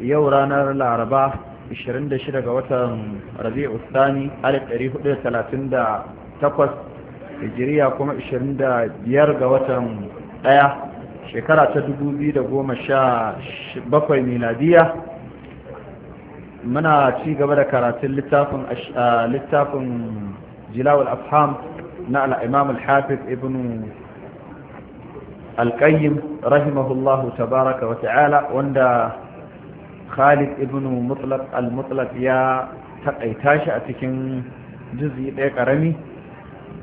yau ranar laraba 26 ga watan rabi'u tsani 1438 hijiriya kuma 25 ga watan daya shekara ta 2017 miladiya muna ci gaba da karatun littafin littafin jilawul afham na al-imam al-hafiz ibnu al-qayyim rahimahullahu tabaaraka wa ta'ala wanda khalid ibn mutlaq al-mutlaq ya taƙaita shi a cikin juzi ɗaya ƙarami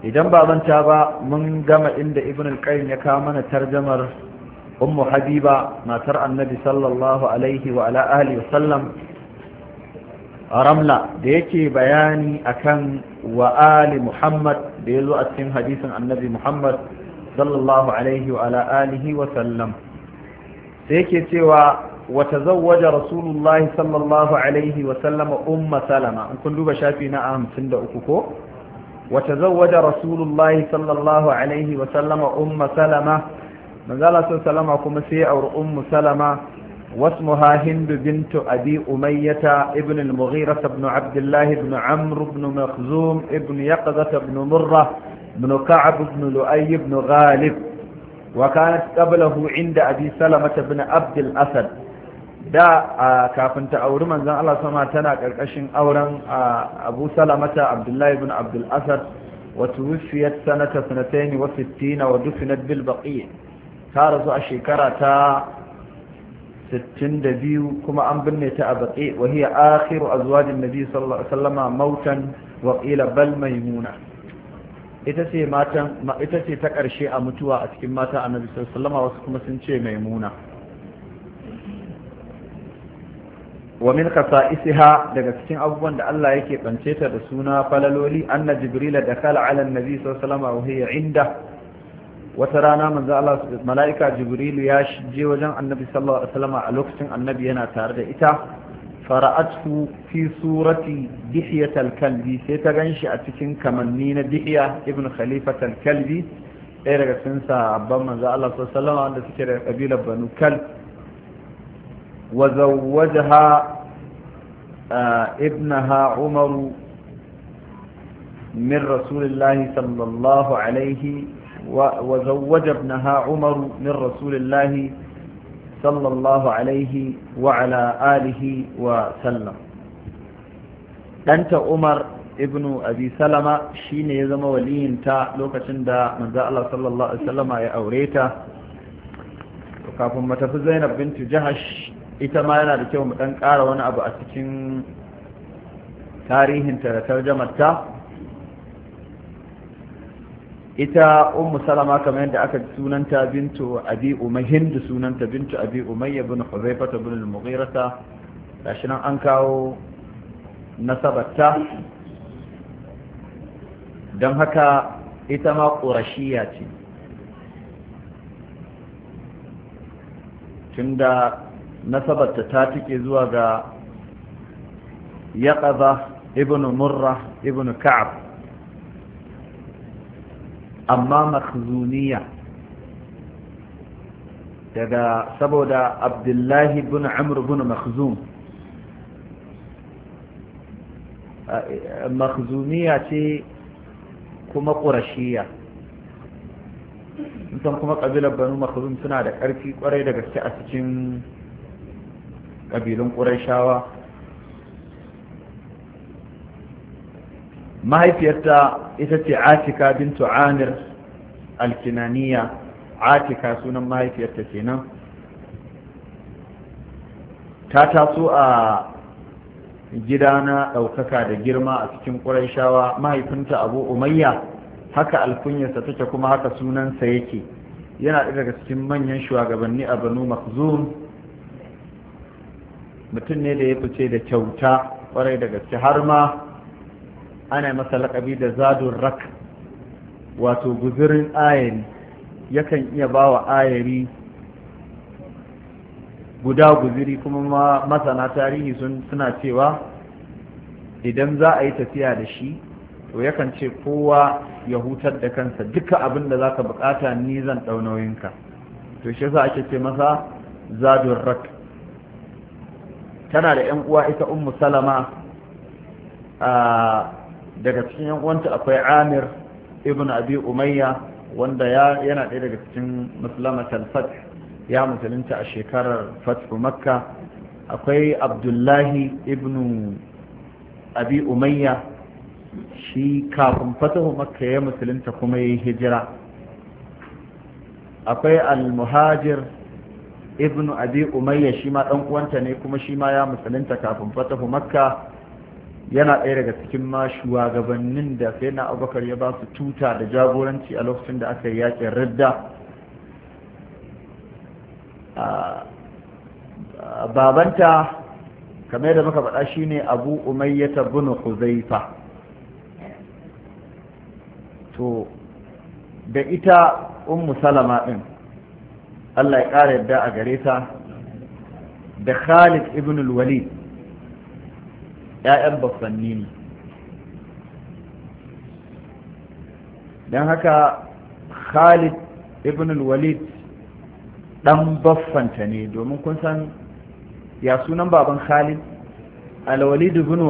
idan ba ba mun gama inda ibn al-qayyim ya kawo mana tarjamar ummu habiba matar annabi sallallahu alaihi wa ala alihi sallam ramla da yake bayani akan wa ali muhammad da ya zo a cikin hadisin annabi muhammad sallallahu alaihi wa ala alihi wa sallam sai yake cewa وتزوج رسول الله صلى الله عليه وسلم أم سلمة كن دوبا شافينا أهم سند أكوكو وتزوج رسول الله صلى الله عليه وسلم أم سلمة نزال سلمة كما سيأور أم سلمة واسمها هند بنت أبي أمية ابن المغيرة بن عبد الله بن عمرو بن مخزوم ابن يقظة بن مرة بن كعب بن لؤي بن غالب وكانت قبله عند أبي سلمة بن عبد الأسد da kafin ta auri manzon Allah sama tana karkashin auren a Abu Salamata Abdullahi bin Abdul Asad wa tuwfiyat sanata 62 wa 60 wa dufinat bil baqiy ta rasu a shekara ta 62 kuma an binne ta a baqi wa hiya akhiru a nabi sallallahu alaihi wasallama mautan waƙila bal maymuna ita ce ita ce ta karshe a mutuwa a cikin mata a sallallahu alaihi wasu kuma sun ce maimuna wa min qasa'isiha daga cikin abubuwan da Allah yake bance ta da suna falaloli anna jibril dakala ala annabi sallallahu alaihi wa inda manzo Allah malaika jibrilu ya je wajen annabi sallallahu alaihi a lokacin annabi yana tare da ita fara'atu fi surati dihiyat sai ta ganshi a cikin kamanni na dihiya ibnu khalifat ɗaya daga suke da kabilar banu وزوجها ابنها عمر من رسول الله صلى الله عليه وزوج ابنها عمر من رسول الله صلى الله عليه وعلى آله وسلم ɗanta umar ibnu abisalama shine ya zama waliyinta lokacin da manzo Allah sallallahu alaihi wasallama ya aure ta kafin matafi zainab bintu jahash ita ma yana da kyau mu ɗan ƙara wani abu a cikin tarihinta da ta ita ummu salama kamar yadda aka ji sunanta bintu abi umayhin hindu sunanta bintu abi umayya bin huzaifa bin al-mughirata gashi nan an kawo nasabarta don haka ita ma ƙurashiya ce tunda nasabarta ta tike zuwa ga yaqaza ibn murra ibn ka'ab amma makhzuniya daga saboda abdullahi ibn amr ibn makhzum makhzuniya ce kuma ƙurashiya san kuma ƙabilar banu makhzum suna da ƙarfi ƙwarai da gaske a cikin ƙabilun ƙurashawa mahaifiyarta ita ce atika bintu amir alkinaniya atika sunan mahaifiyarta kenan ta taso a gida na ɗaukaka da girma a cikin ƙuraishawa mahaifinta abu umayya haka alkunyarsa take kuma haka sunansa yake yana daga cikin manyan shugabanni a banu makzum mutum ne da ya fice da kyauta kwarai da gaske har ma ana masa laƙabi da zadun rak wato guzurin ayari yakan iya ba wa ayari guda guziri kuma masana tarihi sun suna cewa idan za a yi tafiya da shi to yakan ce kowa ya hutar da kansa duka abin da za ka bukata ni zan ɗau nauyinka to shi yasa ake ce masa zadun rak tana da yan uwa ita ummu salama daga cikin yan uwanta akwai amir ibn abi umayya wanda yana ɗaya daga cikin musulmatan fath ya musulunta a shekarar fathu makka akwai abdullahi ibn abi umayya shi kafin fatahu makka ya musulunta kuma ya hijira akwai al-muhajir ibn abi umayya shi ma dan uwanta ne kuma shi ma ya musulunta kafin fatahu makka yana ɗaya daga cikin ma shugabannin da sai na abubakar ya ba su tuta da jagoranci a lokacin da aka yi yakin radda babanta kamar da muka faɗa shine abu ta bin huzaifa to da ita ummu salama ɗin Allah ya ƙara yadda a gare ta da Khalid ibn al-Walid ‘ya'yan baffanni ne don haka Khalid ibn al-Walid ɗan baffanta ne domin kun san ya sunan baban Khalid al-Walid ibn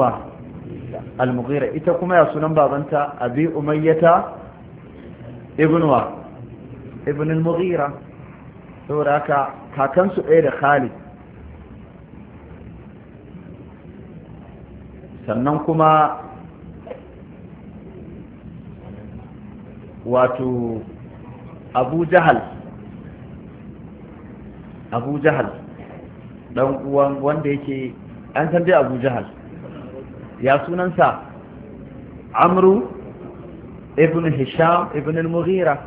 al-Mughira ita kuma ya sunan babanta Abi Umayyata ibn wa ibn al-Mughira saboda haka kakansu ɗaya da khali sannan kuma wato abu jahal abu jahal ɗan uwan wanda yake an san dai abu jahal ya sunansa amru ibn hisham ibn al-mughira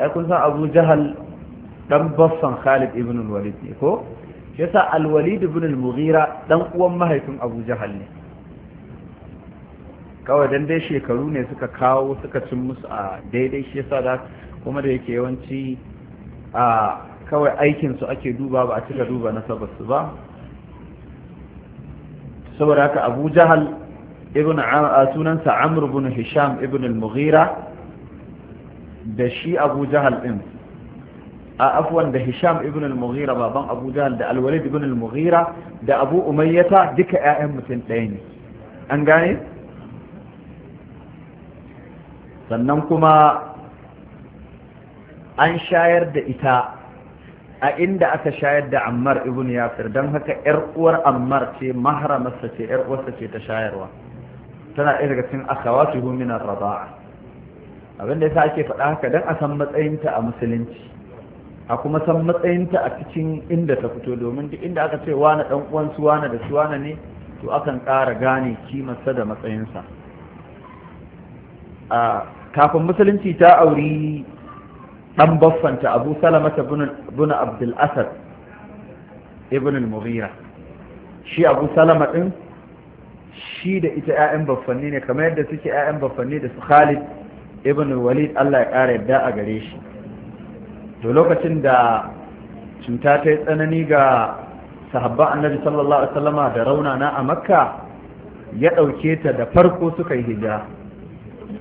ai kun san abu jahal dan baffan Khalid ibn al-Walid ne ko yasa al-Walid ibn al-Mughira dan uwan mahaifin Abu Jahal ne kawai dan dai shekaru ne suka kawo suka cin musu a daidai shi yasa da kuma da yake yawanci a kawai aikin su ake duba ba a cika duba nasabar su ba saboda haka Abu Jahal ibn sunansa Amr ibn Hisham ibn al-Mughira da shi Abu Jahal din a afwan da hisham ibn al-mughira baban abu jahl da al-walid ibn al-mughira da abu umayyata duka ƴaƴan mutum ɗaya ne an gane sannan kuma an shayar da ita a inda aka shayar da ammar ibn Yafir don haka yar uwar ammar ce mahramarsa ce yar uwarsa ce ta shayarwa tana ɗaya daga cikin akawatu min ar-raba'a abin da yasa ake faɗa haka dan a san matsayinta a musulunci a kuma san matsayinta a cikin inda ta fito domin duk inda aka ce wane dan uwan su wane da su wane ne to akan ƙara gane kimarsa da matsayinsa a kafin musulunci ta auri dan baffanta abu Salama ta bin abdul asad ibn al shi abu salama din shi da ita 'ya'yan baffanni ne kamar yadda suke 'ya'yan baffanni da su khalid ibn walid allah ya ƙara yadda a gare shi to lokacin da cuta ta yi tsanani ga sahabba annabi sallallahu alaihi wasallama da raunana a makka ya ɗauke ta da farko suka yi hijira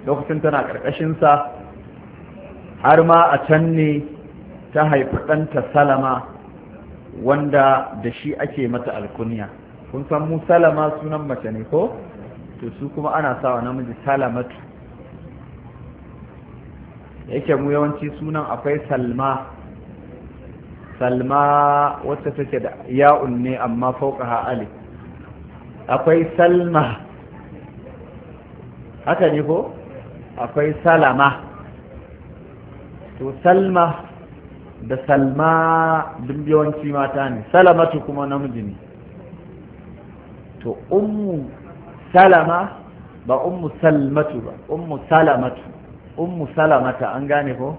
lokacin tana ƙarƙashinsa har ma a can ne ta haifi ɗanta salama wanda da shi ake mata alkunya kun san mu salama sunan mace ne ko to su kuma ana sawa namiji salamatu yake mu yawanci sunan akwai salma salma wata take da ya'un ne amma fauka ali akwai salma haka ne ko akwai salama to salma da salma yawanci mata ne salamatu kuma namiji ne to ummu salama ba ummu salmatu ba ummu salamatu ummu salamata an gane ko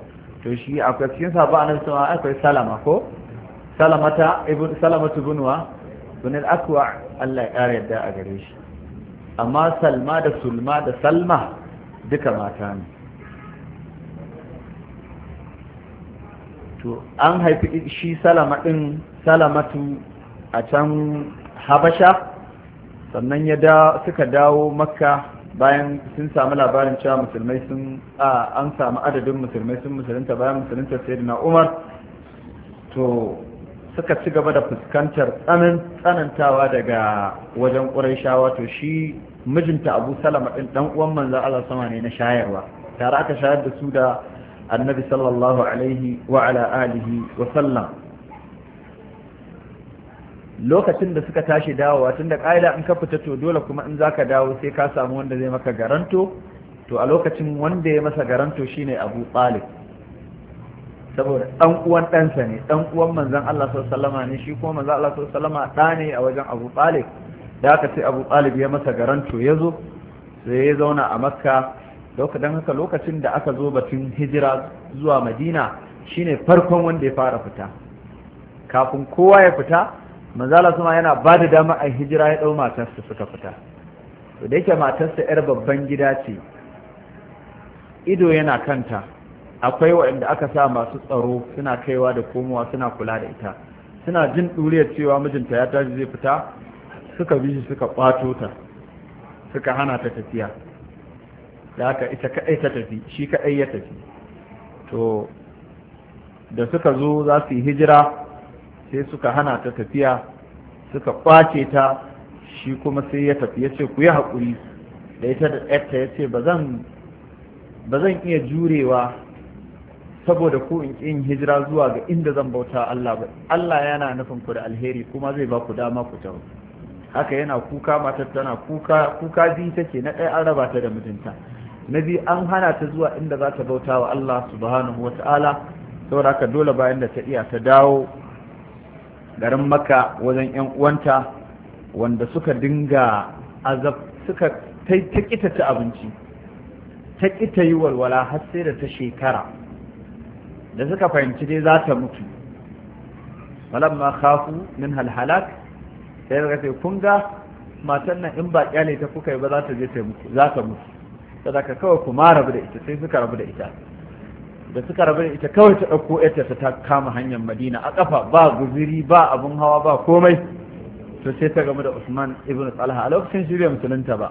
to shi akwai cikin sabu annabi sama akwai salama ko salamata ibn salamatu ibn wa al-aqwa Allah ya kare yadda a gare shi amma salma da sulma da salma duka mata ne to an haifi shi salama din salamatu a can habasha sannan ya da suka dawo makka bayan sun samu labarin cewa musulmai sun a an samu adadin musulmai sun musulunta bayan musulunta na Umar to suka ci gaba da fuskantar tsanantawa daga wajen ƙuraishawa to shi mijinta Abu Salama ɗin ɗan uwan manzo Allah sama ne na shayarwa tare aka shayar da su da Annabi sallallahu alaihi wa ala alihi lokacin da suka tashi dawowa tunda ƙa'ida in ka fita to dole kuma in zaka dawo sai ka samu wanda zai maka garanto to a lokacin wanda ya masa garanto shine Abu Talib saboda dan uwan ɗansa ne dan uwan manzon Allah sallallahu alaihi ne shi kuma manzon Allah sallallahu alaihi ɗa ne a wajen Abu Talib da aka ce Abu Talib ya masa garanto yazo sai ya zauna a Makka don haka lokacin da aka zo batun hijira zuwa Madina shine farkon wanda ya fara fita kafin kowa ya fita manzala kuma yana ba da dama a hijira ya ɗau matarsa suka fita to da yake matarsa 'yar babban gida ce ido yana kanta akwai waɗanda aka sa masu tsaro suna kaiwa da komowa suna kula da ita suna jin ɗuriyar cewa mijinta ya tashi zai fita suka bi shi suka ɓato ta suka hana ta tafiya da haka ita kaɗai ta tafi shi kaɗai ya tafi to da suka zo za su yi hijira sai suka hana ta tafiya suka kwace ta shi kuma sai ya tafi ya ce ku yi haƙuri da ita da ɗarta ya ce ba zan iya jurewa saboda ko in yin hijira zuwa ga inda zan bauta Allah ba Allah yana nufin ku da alheri kuma zai ba ku dama ku ta haka yana kuka mata tana kuka kuka biyu take na ɗaya an raba ta da mijinta na biyu an hana ta zuwa inda za ta bauta wa Allah subhanahu wa saboda haka dole bayan da ta iya ta dawo garin maka wajen 'yan uwanta wanda suka dinga azab suka ta ta abinci ta ƙita yi walwala har sai da ta shekara da suka fahimci dai za ta mutu ma khafu min halhalak sai daga sai kun ga matan nan in ba ƙyale ta kuka yi ba za ta je ta mutu za ta mutu kawai kuma rabu da ita sai suka rabu da ita da suka rabu da ita kawai ta ɗauko ita ta kama hanyar madina a ƙafa ba guziri ba abin hawa ba komai to sai ta gamu da usman ibn talha a lokacin shirya musulunta ba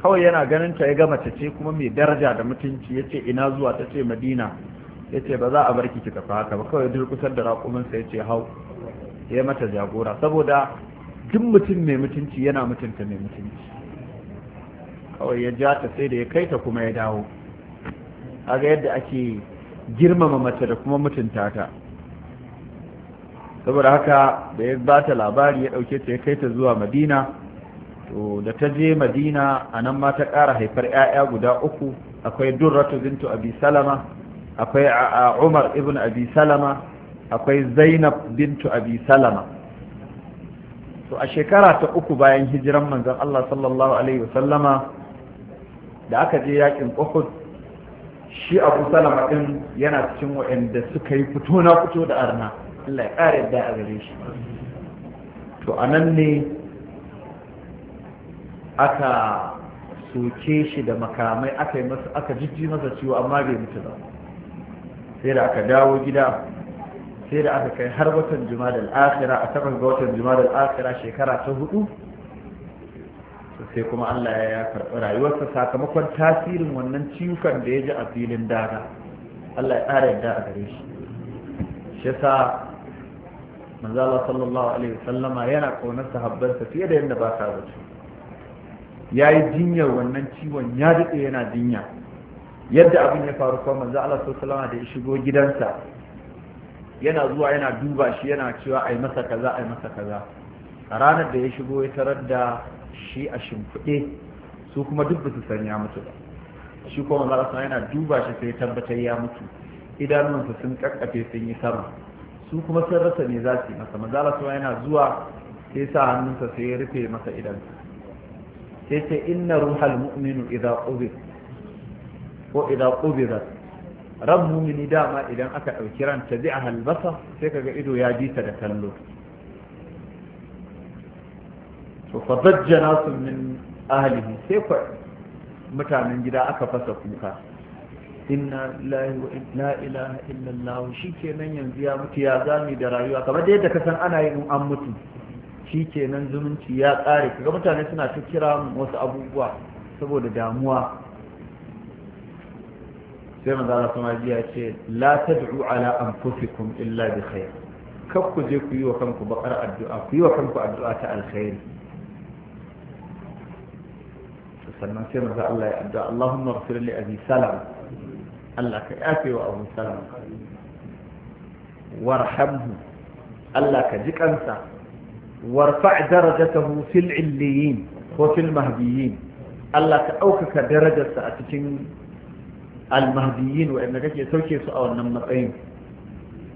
kawai yana ganin ta ya gama ta ce kuma mai daraja da mutunci ya ce ina zuwa ta ce madina ya ce ba za a barki ki tafi haka ba kawai durkusar da raƙuminsa ya ce hau ya mata jagora saboda duk mutum mai mutunci yana mutunta mai mutunci kawai ya ja ta sai da ya kai ta kuma ya dawo aga yadda ake girmama mace da kuma mutunta ta saboda haka da ya ba ta labari ya dauke ta ya kai ta zuwa madina to da ta je madina a nan ma ta kara haifar 'ya'ya guda uku akwai durratu bintu abi salama akwai umar ibn abi salama akwai zainab bintu abi salama to a shekara ta uku bayan hijiran manzon Allah sallallahu alaihi wasallama da aka je yakin Uhud shi abu salama din yana cikin wa'anda suka yi fito na fito da arna Allah ya ƙara yadda a gare shi to a nan ne aka soke shi da makamai aka yi masa aka jijji masa ciwo amma bai mutu ba sai da aka dawo gida sai da aka kai har watan juma'a da al'akira a takwas ga watan juma'a da al'akira shekara ta hudu sai kuma Allah ya ya karɓi rayuwarsa sakamakon tasirin wannan ciwukan da ya ji a filin daga Allah ya ƙara yadda a gare shi shi sa manzala sallallahu alaihi wasallama yana ƙaunarsa sahabbansa fiye da yadda ba sa zato yi jinyar wannan ciwon ya daɗe yana jinya yadda abin ya faru kuma manzala sallallahu alaihi da ya shigo gidansa yana zuwa yana duba shi yana cewa ai masa kaza ai masa kaza a ranar da ya shigo ya tarar da shi a shimfiɗe su kuma duk da su san ya mutu ba shi kuma manzo Allah yana duba shi sai tabbatar ya mutu idanunsa sun kakkafe sun yi sama su kuma sun rasa ne za su yi masa manzo Allah yana zuwa sai sa hannunsa sai ya rufe masa idansa sai ce inna ruhal mu'minu idza qubid ko idza qubidat ran mumini dama idan aka ɗauki ran ta bi a halbasa sai kaga ido ya ji ta da kallo to fa zajjana min ahlihi sai ku mutanen gida aka fasa kuka inna lillahi wa inna ilaha illallah shikenan yanzu ya mutu ya zami da rayuwa kamar da yadda ka san ana yin an mutu shikenan zumunci ya kare kaga mutane suna ta kira wasu abubuwa saboda damuwa sai manzo Allah kuma ya ce la tad'u ala anfusikum illa bi khair kar ku je ku yi wa kanku bakar addu'a ku yi wa kanku addu'a ta alkhairi sannan sai manzo Allah ya addu'a Allahumma ighfir li abi salam Allah ka yafe wa abu salam warhamhu Allah ka ji kansa warfa' darajatahu fil illiyin ko fil mahdiyin Allah ka ɗaukaka darajarsa a cikin almahdiyin waɗanda kake sauke su a wannan matsayin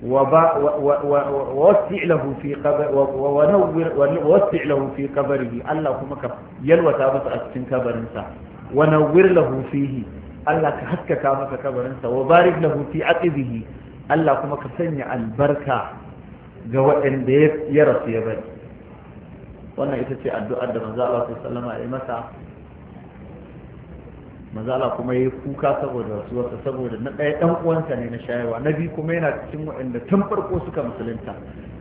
ووسع له في قبر ونور ووسع له في قبره الله كما كف يلوى تابس أكتن كبرنسا ونور له فيه الله كحك كامك كبرنسا وبارك له في عقبه الله كما كسنع البركة جواء ديف يرس يبني wannan ita ce addu'ar da manzo Allah sallallahu alaihi wasallam ya masa mazala kuma yayi kuka saboda rasuwarsa saboda na ɗaya ɗan uwansa ne na shayarwa na biyu kuma yana cikin waɗanda tun farko suka musulunta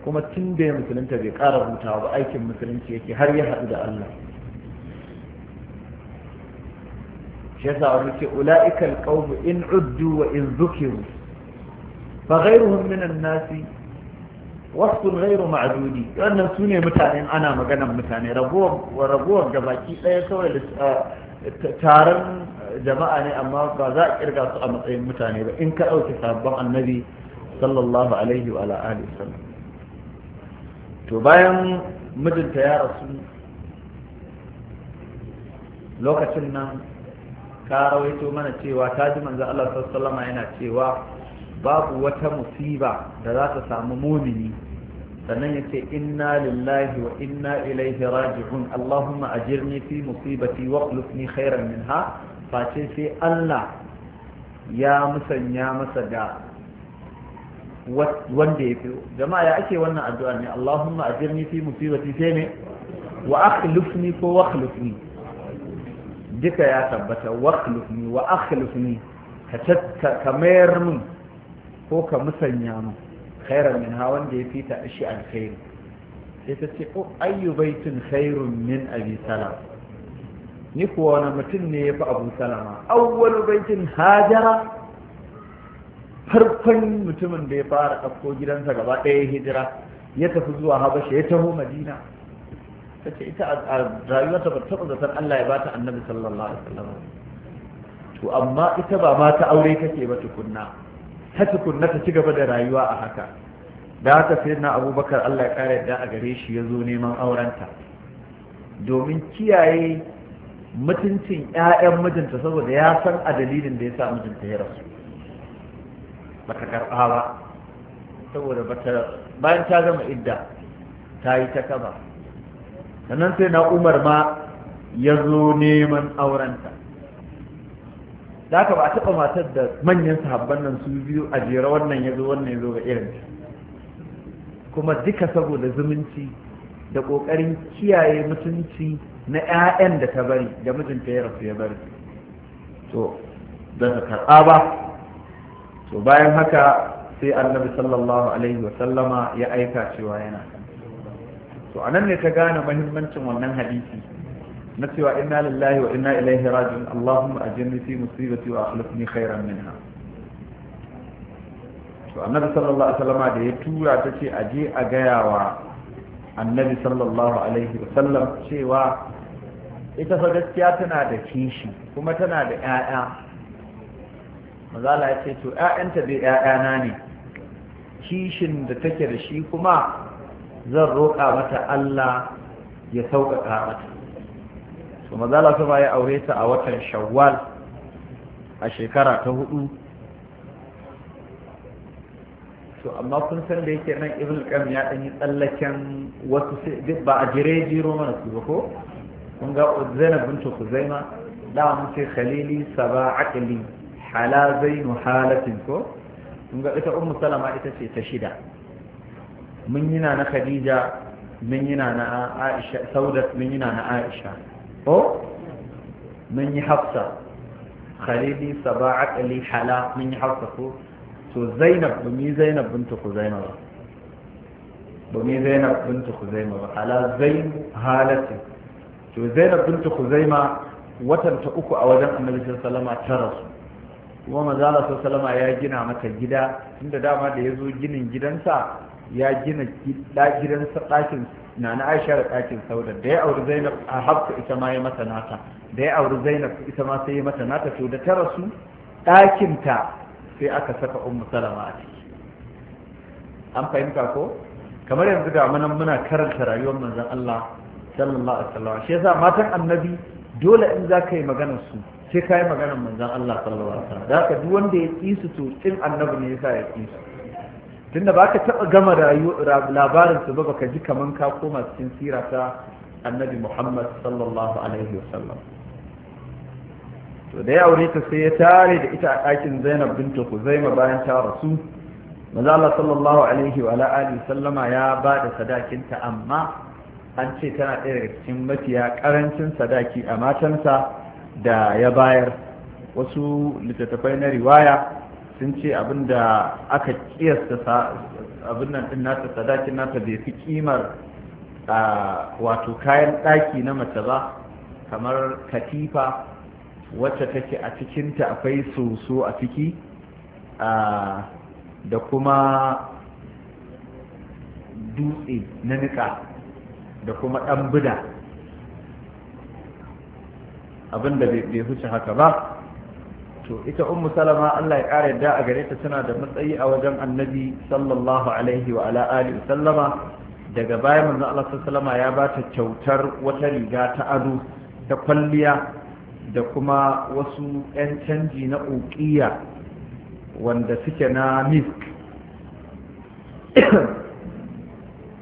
kuma tun da ya musulunta bai ƙara hutawa ba aikin musulunci yake har ya haɗu da Allah shi yasa wani ce ula'ika alqawmu in uddu wa in zukiru fa ghayruhum min an-nasi wasu ghairu ma'adudi wannan su ne mutanen ana maganan mutane raguwar gabaki ɗaya kawai da taron jama'a ne amma ba za a kirga su a matsayin mutane ba in ka ɗauki sabon annabi sallallahu alaihi wa alihi sallam to bayan mijinta ya rasu lokacin nan ka rawaito mana cewa ta ji manzo Allah sallallahu alaihi yana cewa babu wata musiba da za ta samu mumini sannan yace inna lillahi wa inna ilaihi raji'un allahumma ajirni fi musibati wa akhlifni khairan minha face sai Allah ya musanya masa da wanda ya fi jama'a ya ake wannan addu'ar ne Allahumma ajirni fi musibati sai ne wa akhlifni ko wa akhlifni duka ya tabbata wa akhlifni wa akhlifni ka mayar min ko ka musanya min khairan min ha wanda ya fita ishi alkhairi sai ta ce ko oh, ayyu baitun khairun min abi salam ni kuwa wani mutum ne ya fi abu salama awwal baitin hajara farkon mutumin da ya fara ɗauko gidansa gaba ɗaya hijira ya tafi zuwa habasha ya taho madina ta ce ita a rayuwarta ba taɓa zaton allah ya bata annabi sallallahu alaihi wasallam to amma ita ba ma ta aure take ba tukunna ta tukunna ta ci gaba da rayuwa a haka da haka sai na abubakar allah ya ƙara yadda a gare shi ya zo neman aurenta domin kiyaye mutuncin 'ya'yan mijinta saboda ya san a dalilin da ya sa mijinta ya rasu ba ta karɓa ba saboda bayan ta zama idda ta yi ta kaba sannan sai na umar ma ya zo neman aurenta da aka ba a taɓa matar da manyan sahabban nan su biyu a jera wannan ya zo wannan ya zo ga irinta kuma duka saboda zumunci da ƙoƙarin kiyaye mutunci na 'ya'yan da ta bari da mijinta ya rasu ya bari to da ta karɓa ba to bayan haka sai annabi sallallahu alaihi wasallama ya aika cewa yana to a nan ne ta gane mahimmancin wannan hadisi na cewa inna lillahi wa inna ilaihi rajiun allahumma ajirni fi musibati wa akhlifni khairan minha to annabi sallallahu alaihi wasallama da ya tura ta ce aje a gayawa annabi sallallahu alaihi wasallam cewa ita fa gaskiya tana da kishi kuma tana da 'ya'ya mazala ya ce to 'ya'yanta da 'ya'yana ne kishin da take da shi kuma zan roƙa mata Allah ya sauƙaƙa mata to mazala su ba ya aure ta a watan shawwal a shekara ta hudu to amma kun san da yake nan ibn qayyim ya dan yi tsallaken wasu ba a jire jiro mana su ko kun ga Zainab bint Khuzaima da mun ce khalili saba aqli hala zain halatin ko kun ga ita ummu salama ita ce ta shida mun yi na Khadija mun yi na Aisha Saudat mun yina na Aisha ko mun yi Hafsa khalili saba aqli hala mun yi Hafsa ko to zainab ba mu yi zainab binta kuzaima ba ba mu yi zainab binta kuzaima ba ala zain halatin to zainab binta kuzaima watan ta uku a wajen annabi sallama ta rasu kuma mazala sallama ya gina mata gida inda dama da ya zo ginin gidansa ya gina gidansa ɗakin na na aisha da ɗakin saudar da ya auri zainab a hafsa ita ma ya mata nata da ya auri zainab ita ma sai ya mata nata to da ta rasu ɗakinta sai aka saka ummu salama a ciki an fahimta ko kamar yanzu da munan muna karanta rayuwar manzon Allah sallallahu alaihi wasallam shi yasa matan annabi dole in za ka yi maganar su sai ka yi maganar manzon Allah sallallahu alaihi wasallam da duk wanda ya ƙi su to kin annabi ne yasa ya ƙi su tunda baka taba gama labarin su ba baka ji kaman ka koma cikin sirata annabi Muhammad sallallahu alaihi wasallam to da ya aure ta sai ya tare da ita a ɗakin zainab binta kuzaima bayan ta rasu maza Allah sallallahu alaihi wa alihi sallama ya ba da sadakinta amma an ce tana ɗaya daga cikin mafiya ƙarancin sadaki a matansa da ya bayar wasu littattafai na riwaya sun ce abinda aka kiyasta abin nan din nata sadakin nata bai fi kimar wato kayan ɗaki na mace ba kamar katifa wacce take a cikinta akwai soso a ciki da kuma dutse na nika da kuma ɗan Abin da bai huce haka ba to ita ummu salama Allah ya ƙara yadda a gare ta tana da matsayi a wajen annabi sallallahu alaihi wa ala alihi sallama daga baya manzo Allah sallallahu ya ba ta kyautar wata riga ta ado ta kwalliya da kuma wasu 'yan canji na ukiya wanda suke na misk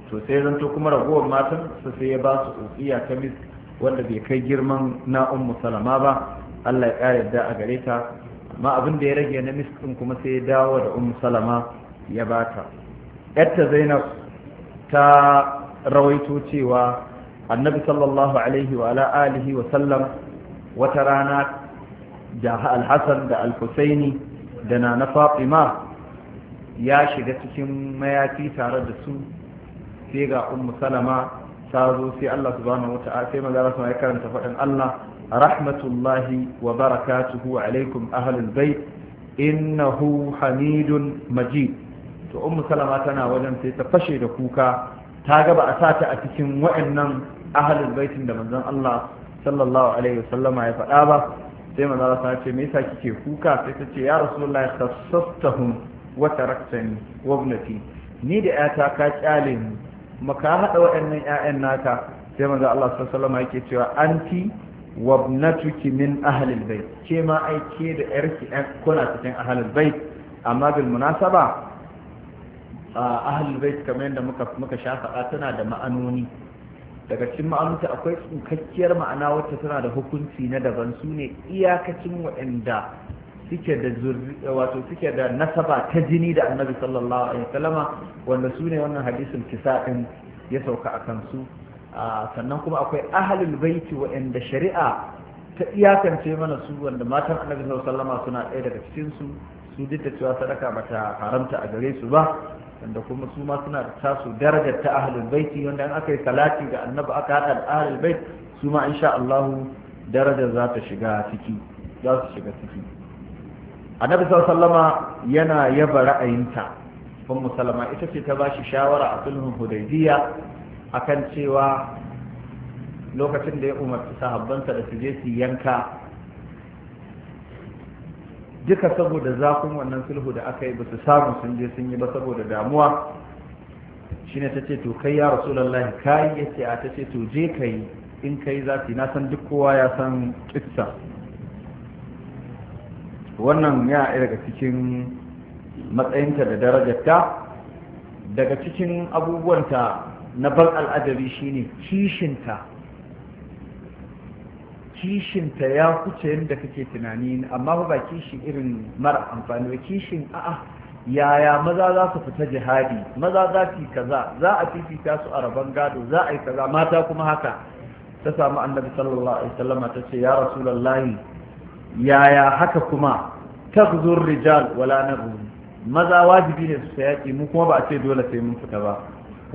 to sai zanto kuma ragowar matan su sai ya ba su ukiya ta misk wanda bai kai girman na ummu salama ba allah ya ƙara yadda a gare ta amma abin da ya rage na misk ɗin kuma sai ya dawo da ummu salama ya ba ta yadda zainab ta rawaito cewa annabi sallallahu alaihi wa ala alihi wa sallam wata rana da alhassan da alhusaini da na na fatima ya shiga cikin mayafi tare da su sai ga ummu salama ta zo sai allah subhanahu wata'ala sai maza rasu ya karanta faɗin allah rahmatullahi wa barakatuhu alaikum ahlul bait innahu hamidun majid to ummu salama tana wajen sai ta fashe da kuka ta gaba a sata a cikin wa'annan ahlul baitin da manzon allah sallallahu alaihi sallama ya faɗa ba sai manzo Allah ce me yasa kike kuka sai ta ce ya rasulullahi khassastahum wa taraktani wa ibnati ni da ƴata ka kyale ni kuma ka hada waɗannan ƴaƴan naka sai manzo Allah sallallahu alaihi wasallam yake cewa anti wa ibnatuki min ahlil albayt ke ma ai ke da yarki ɗan kuna cikin ahlil albayt amma bil munasaba ahli albayt kamar yadda muka muka sha faɗa tana da ma'anoni daga cikin ma'anunta akwai tsukakkiyar ma'ana wacce tana da hukunci na daban su ne iyakacin waɗanda suke da wato suke da nasaba ta jini da annabi sallallahu alaihi wasallama wanda su ne wannan hadisin kisa ɗin ya sauka a kansu sannan kuma akwai ahalul baiti waɗanda shari'a ta iyakance mana su wanda matan annabi sallallahu alaihi wasallama suna ɗaya daga cikin su su duk da cewa sadaka bata haramta a gare su ba wanda kuma su ma suna da tasu darajar ta ahlul baiti wanda an aka yi salati ga annabi aka haɗa da ahlul bait su ma insha Allah darajar za ta shiga ciki za su shiga ciki annabi sallama yana yaba ra'ayinta ummu salama ita ce ta bashi shawara a sulhun hudaybiya akan cewa lokacin da ya umarci sahabbansa da su je su yanka duka saboda zafin wannan sulhu da aka yi ba su samu sun je sun yi ba saboda damuwa shi ne ta ce to kai ya ka yi ya ce a ta ce to je kai in kai zafi na san duk kowa ya san kitsa wannan ya daga cikin matsayinta da darajarta daga cikin abubuwanta na ban al'adari shine kishinta kishinta ya kuce yadda kake tunani amma ba kishi irin mara amfani ba kishin a'a yaya maza za su fita jihadi maza za fi kaza za a fifita su a rabon gado za a yi kaza mata kuma haka ta samu annabi sallallahu alaihi wasallam ta ce ya rasulullahi yaya haka kuma taghzur rijal wala naghzur maza wajibi ne su yaki mu kuma ba a ce dole sai mun fita ba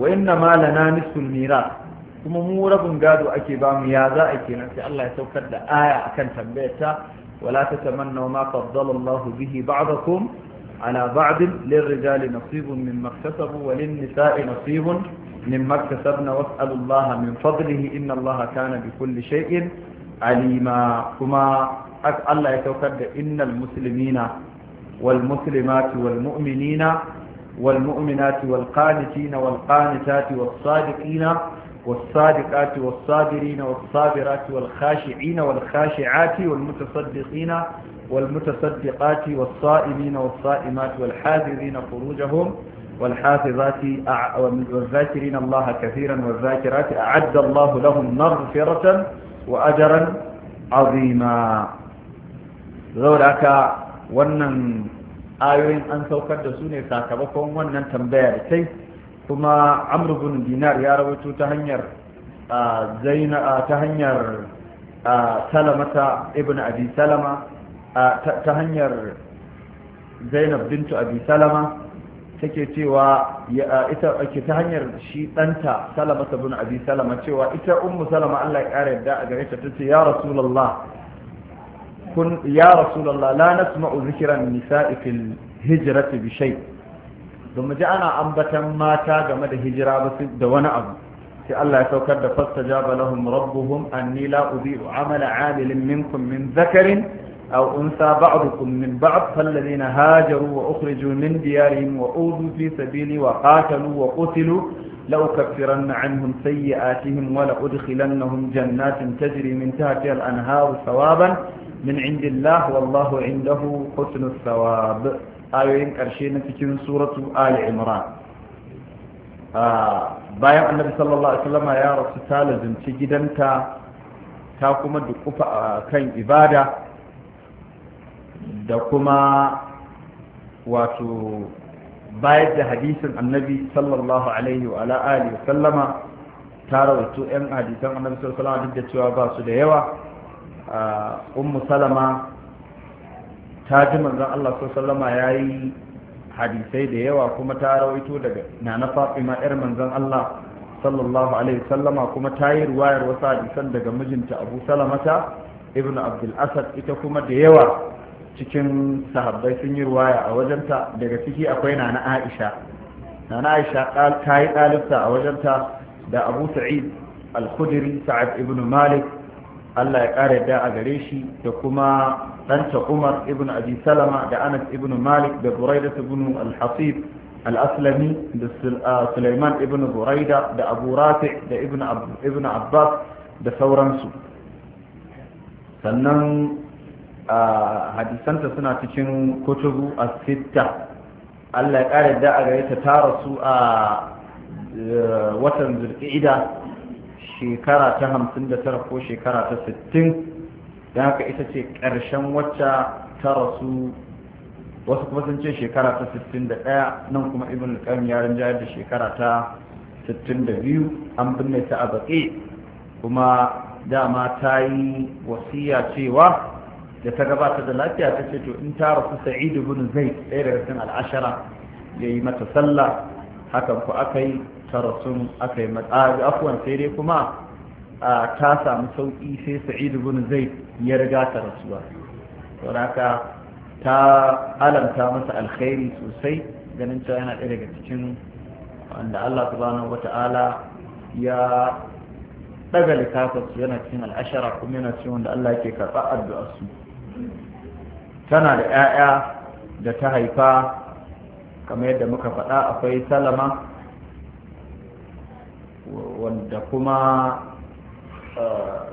wa inna ma lana nisful miras kuma mu rabin gado ake ba mu ya za a kenan sai Allah ya saukar da aya akan tambayar ta wala tatamannaw ma faddala Allahu bihi ba'dakum ala ba'd lirrijali nasibun mimma iktasabu wa lin-nisa'i nasibun mimma iktasabna was'alu Allah min fadlihi inna Allah kana bi kulli shay'in alima kuma Allah ya saukar da innal muslimina wal muslimati wal mu'minina wal mu'minati wal qanitina wal sadiqina والصادقات والصابرين والصابرات والخاشعين والخاشعات والمتصدقين والمتصدقات والصائمين والصائمات والحاذرين فروجهم والحافظات والذاكرين الله كثيرا والذاكرات أعد الله لهم مغفرة وأجرا عظيما ذولك ونن آيوين أن سوكد سوني ساكبكم ونن تنبير كيف kuma amr dinar ya rawaito ta hanyar zaina ta ibn abi salama ta hanyar zainab bintu abi salama take cewa ita ake ta hanyar shi danta salama ibn abi salama cewa ita ummu salama Allah ya kare yadda a gare ta tace ya rasulullah kun ya rasulullah la nasma'u zikran nisa'i fil hijrati bi shay' ba mu ji ana ambatan mata game da hijira ba da wani abu sai Allah ya saukar da fastajaba lahum rabbuhum anni la udhi'u amala 'amilin minkum أو أنثى بعضكم من بعض فالذين هاجروا وأخرجوا من ديارهم وأوذوا في سبيلي وقاتلوا وقتلوا لأكفرن عنهم سيئاتهم ولأدخلنهم جنات تجري من تحتها الأنهار ثوابا من عند الله والله عنده حسن الثواب ayoyin ƙarshe na cikin suratu ali imran bayan annabi sallallahu alaihi wasallam ya rasu ta lazimci gidanta ta kuma dukufa kan ibada da kuma wato bayar da hadisin annabi sallallahu alaihi wa alihi wa sallama ta rawaitu 'yan hadisan annabi sallallahu alaihi da cewa ba su da yawa ummu salama ta ji manzon Allah sallama ya yi hadisai da yawa kuma ta rawaito daga nana fatima yar manzon Allah sallallahu alaihi sallama kuma ta yi ruwayar wasu hadisan daga mijinta abu salamata ibn abdul asad ita kuma da yawa cikin sahabbai sun yi ruwaya a wajenta daga ciki akwai nana aisha nana aisha ta yi a wajenta da abu sa'id al-khudri sa'ad ibn malik Allah ya ƙara yadda a gare shi da kuma ɗanta umar ibn abi salama da anas ibn malik da buraida ibn al-hasib al-aslami da sulaiman ibn buraida da abu rafi da ibn abbas da sauransu sannan hadisanta suna cikin kutubu a sita allah ya ƙara da a gare ta tara su a watan zulƙida shekara ta hamsin da tara ko shekara ta sittin da haka ita ce ƙarshen wacce ta rasu wasu kuma sun ce shekara ta 61 nan kuma ibn al-qayyim ya rinjayar da shekara ta 62 an binne ta a baƙi kuma dama ta yi wasiya cewa da ta gabata da lafiya ta ce to in ta rasu sa'idu ibn zaid ɗaya daga cikin al'ashara ya yi mata sallah hakan ku aka yi ta rasu aka yi matsa afwan sai dai kuma a ta samu sauki sai sa'idu bin zai ya riga ta rasuwa haka ta alamta masa alkhairi sosai ganin cewa yana ɗaya daga cikin wanda Allah subhanahu wata'ala ya daga su yana cikin al'ashara kuma yana cikin wanda Allah yake karɓa su tana da 'ya'ya da ta haifa kamar yadda muka faɗa akwai salama wanda kuma Uh,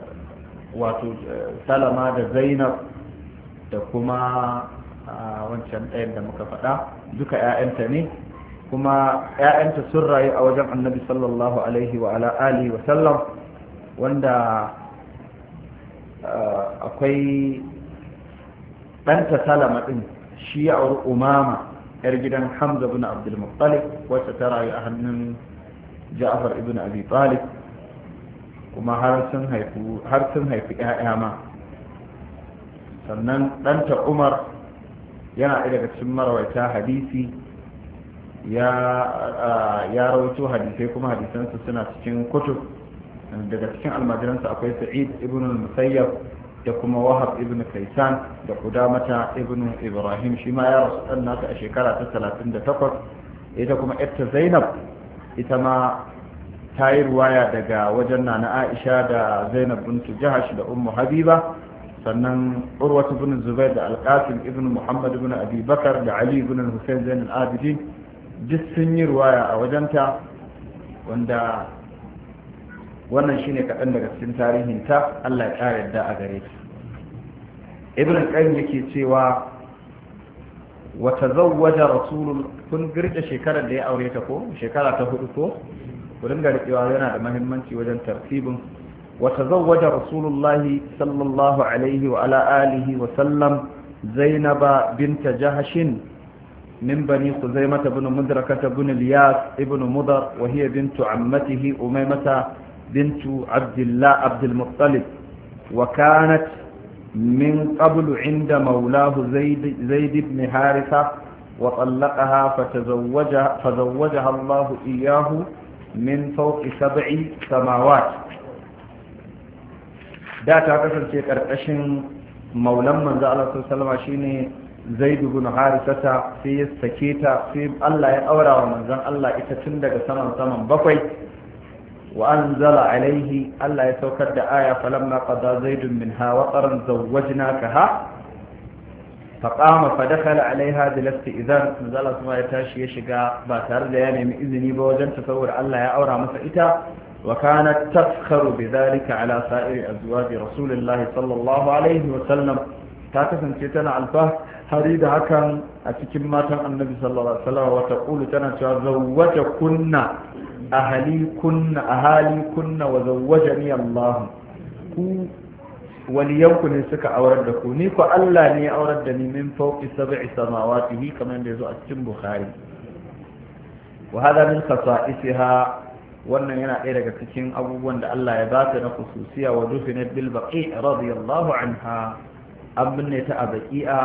wato uh, salama da zainab da kuma uh, wancan ɗayan da muka faɗa duka 'ya'yanta ne kuma 'ya'yanta sun rayu a wajen annabi sallallahu alaihi wa ala'ali wa sallam wanda akwai ɗanta salama ɗin shi ya auri umama 'yar gidan hamza bin abdulmuttalib wacce ta rayu a hannun ja'far ibn abi talib kuma har sun haifi 'ya'ya ma sannan ɗanta umar yana daga cikin marawaita hadisi ya rawaito hadisai kuma hadisansu suna cikin kutu daga cikin almajiransu akwai sa'id ibn musayyab da kuma wahab ibn kaisan da kudamata ibn ibrahim shi ma ya rasu ɗan nasa a shekara ta 38 ita kuma ita zainab ita ma ta yi ruwaya daga wajen na aisha da zainab bintu jahash da ummu habiba sannan urwatu bin zubair da alqasim ibn muhammad ibn abi bakar da ali ibn hussein zainul abidin duk sun yi ruwaya a wajenta wanda wannan shine kaɗan daga cikin tarihinta allah ya ƙara yadda a gare ta ibn qayyim yake cewa wa tazawwaja rasulun kun girka shekarar da ya aure ta ko shekara ta hudu ko wurin garbewa yana da mahimmanci wajen tartibin wata zawaja rasulullahi sallallahu alaihi wa sallam zainaba binta jahashin min bani khuzaimah ibn mudrakah ibn liyas ibn mudar wa hiya bintu ammatihi umaymah bintu abdillah wa kanat min qabl 'inda mawlahu zayd zayd ibn harisa wa tallaqaha fatazawwaja fazawwajaha iyyahu min fauki samawat da ta kasance karkashin maulan manzo Allah sallallahu alaihi shine Zaid ibn Harisata sai ya sake ta sai Allah ya aura wa manzon Allah ita tun daga saman saman bakwai wa anzala alaihi Allah ya saukar da aya falamma qada zaidun minha wa qaran ha? faƙama fa alaiha da izan idan manzala kuma ya tashi ya shiga ba tare da ya nemi izini ba wajen ta saboda Allah ya aura masa ita wa kana tafkaru bi zalika ala sa'iri azwaji rasulillahi sallallahu alaihi wa sallam ta kasance tana alfa hari da hakan a cikin matan annabi sallallahu alaihi wasallam wa taqulu tana cewa zawwaja kunna ahali kunna ahali kunna wa zawwajani Allah ku waliyanku ne suka aurar da ku ni ku Allah ne ya aurar da ni min fawqi sab'i samawatihi kamar da yazo a cikin Bukhari wa hada min khasa'isiha wannan yana ɗaya daga cikin abubuwan da Allah ya bata na khususiya wa dufinat bil baqi radiyallahu anha an ta a baqi'a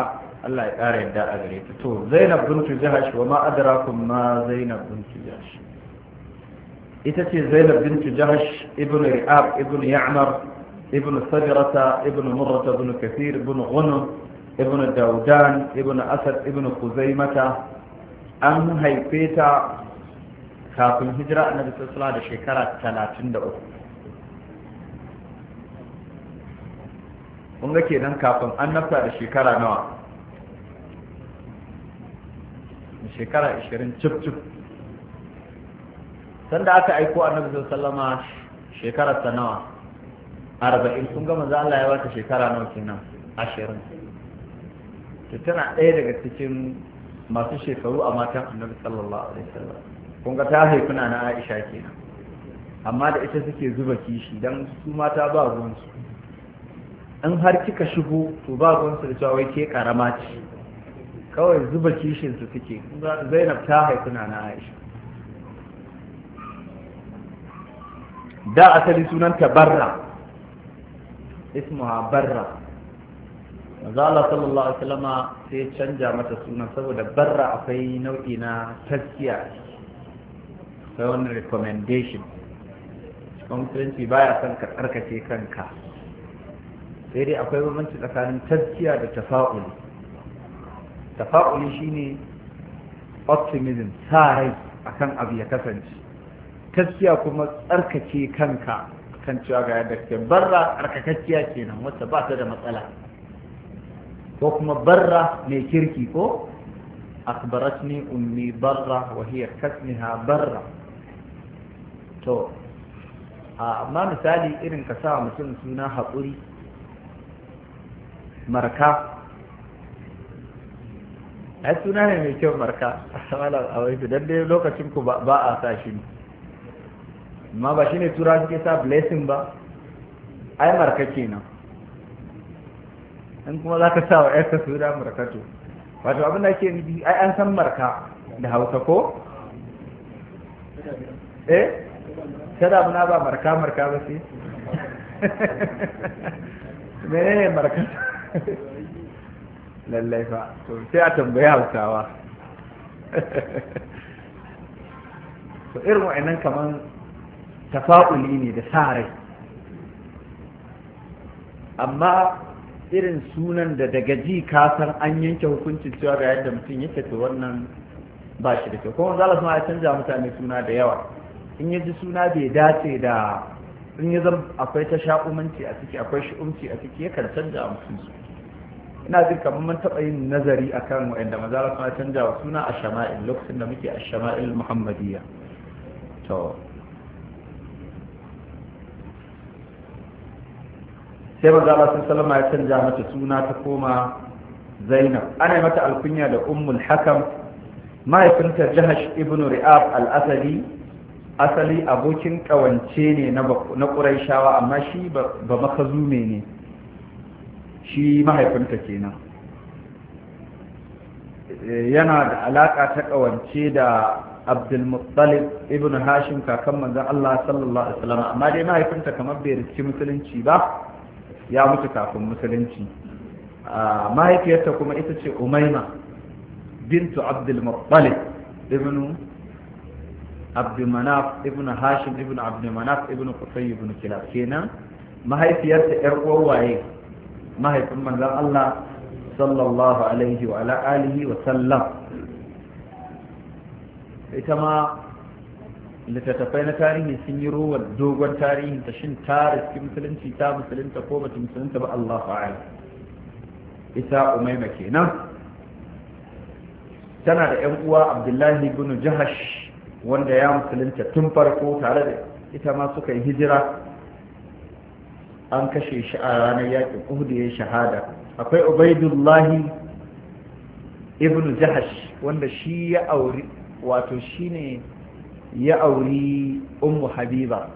Allah ya ƙara yadda a gare ta to Zainab bint Jahash wa ma adrakum ma Zainab bint Jahash ita ce Zainab bint Jahash ibn Ri'ab ibn Ya'mar ابن صدرة ابن مرة ابن كثير ابن غنم ابن داودان ابن أسد ابن خزيمة أم هيفيتا كافم هجرة النبي صلى الله عليه وسلم kun ga kenan kafin an nafta da shekara nawa da shekara 20 cif cif sanda aka aiko annabi sallama shekara ta nawa arba'in sun ga manzo Allah ya wata shekara nawa kenan ashirin to tana ɗaya daga cikin masu shekaru a matan annabi sallallahu alaihi wasallam kun ga ta haifuna na Aisha kenan amma da ita suke zuba kishi dan su mata ba su in har kika shigo to ba su da cewa wai ke karama ce kawai zuba kishin su suke Zainab ta haifuna na Aisha da asali sunanta barra ismuha barra mazala sallallahu alaihi wasallama sai canja mata suna saboda barra akwai nau'i na taskiya akwai wani recommendation musulunci baya son ka tsarkake kanka sai dai akwai bambanci tsakanin taskiya da tafa'uli tafa'uli shine optimism sa rai akan abu ya kasance taskiya kuma tsarkake kanka kan cewa ga yadda ke barra tsarkakakkiya kenan wacce ba ta da matsala ko kuma barra mai kirki ko akbaratni ummi barra wa hiya kasmiha barra to amma misali irin ka sa mutum suna haƙuri marka ai suna ne mai kyau marka a wai dan lokacin ku ba a sa shi ne amma ba shi ne tura suke sa blessing ba ai marka kenan in kuma za ka sa wa da marka markato wato abin da ke nufi ai an san marka da hausa ko eh kada muna ba marka marka ba sai ne marka lallai fa to sai a tambayi hausawa to irin wa'annan kaman tafa'uli ne da sa rai amma irin sunan da daga ji kasan an yanke hukuncin cewa ga yadda mutum yake to wannan ba shi da kyau kuma zala suna ya canza mutane suna da yawa in ya ji suna bai dace da in ya zama akwai ta sha'umanci a ciki akwai shi'umci a ciki yakan canza mutum su ina jin kamar mun taɓa yin nazari a akan wa'anda mazala suna canza wa suna a shama'il lokacin da muke a shama'il muhammadiyya to sai manzo Allah sun salama ya canja mata suna ta koma Zainab ana mata alkunya da Ummul Hakam mahaifinta Jahash ibn Ri'ab al-Asadi asali abokin kawance ne na Qurayshawa amma shi ba makazume ne shi mahaifinta kenan yana da alaka ta kawance da abdulmuttalib ibn hashim kakan manzon Allah sallallahu alaihi wasallam amma dai mahaifinta kamar bai riski musulunci ba ya mutu kafin musulunci mahaifiyarta kuma ita ce umaima bintu abdul muttalib ibnu abdul manaf ibnu hashim ibnu abdul manaf ibnu qusay ibnu kilab kenan mahaifiyarta yar uwar waye mahaifin manzon Allah sallallahu alaihi wa alihi wa sallam ita ma littattafai na tarihi sun yi rowar dogon tarihin ta shin ta riski musulunci ta musulunta ko bata musulunta ba Allah fa'ala isa umaima kenan tana da yan uwa abdullahi Ibn jahash wanda ya musulunta tun farko tare da ita ma suka yi hijira an kashe shi a ranar yakin uhud ya shahada akwai ubaidullahi ibn jahash wanda shi ya auri wato shine ya auri Umu habiba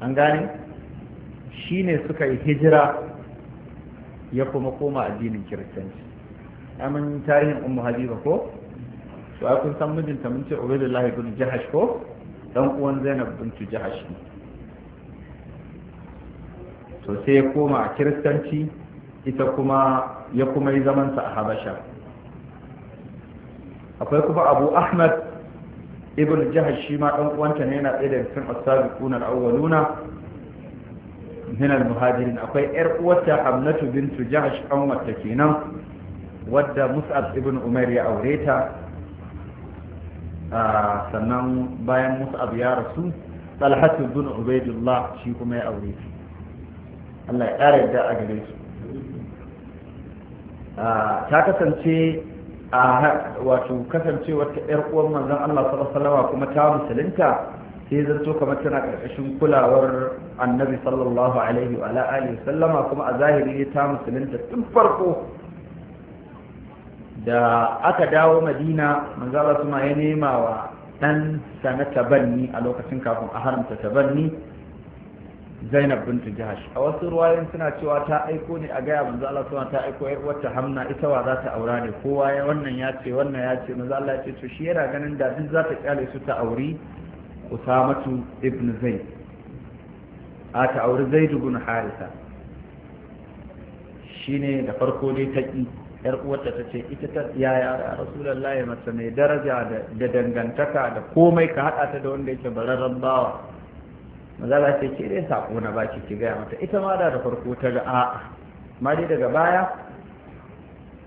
an gane shi ne suka yi hijira ya kuma koma addinin kiristanci amin tarihin ummu habiba ko to ai kun san mijinta mun ce ubaidullah ibn ko dan uwan zainab bintu Jihash ne to sai ya koma a kiristanci ita kuma ya kuma yi zamansa a habasha akwai kuma abu ahmad ibn jihar shi ma ɗan uwanta ne yana tsaye da cikin asabi kunar awwaluna min al-muhajirin akwai yar uwanta hamnatu bintu Jihar an wata kenan wadda mus'ab ibn umair ya aure ta ah, sannan bayan mus'ab ya rasu talhatu ibn ubaidullah shi kuma ya aure ta Allah ya ƙara yadda a gare su ah, ta kasance a wato kasancewar ta yar uwan manzon Allah sallallahu kuma ta musulunta sai so kamar tana karkashin kulawar annabi sallallahu alaihi wa alihi sallama kuma a zahiri ne ta musulunta tun farko da aka dawo madina manzon Allah ya nema wa dan sana banni a lokacin kafin a haramta tabanni zainab bintu jahash a wasu ruwayoyin suna cewa ta aiko ne a gaya manzo Allah suna ta aiko yar wata hamna ita wa za ta aura ne kowa ya wannan ya ce wannan ya ce manzo Allah ya ce to shi yana ganin da duk za ta kyale su ta auri usamatu ibn zaid a ta auri zaid ibn harisa shine da farko dai ta ki yar uwarta ta ce ita ta yaya rasulullahi mace mai daraja da dangantaka da komai ka hada ta da wanda yake bararren bawa mazala ce ke dai saƙo na baki ki gaya mata ita ma da da farko ta ga a'a ma dai daga baya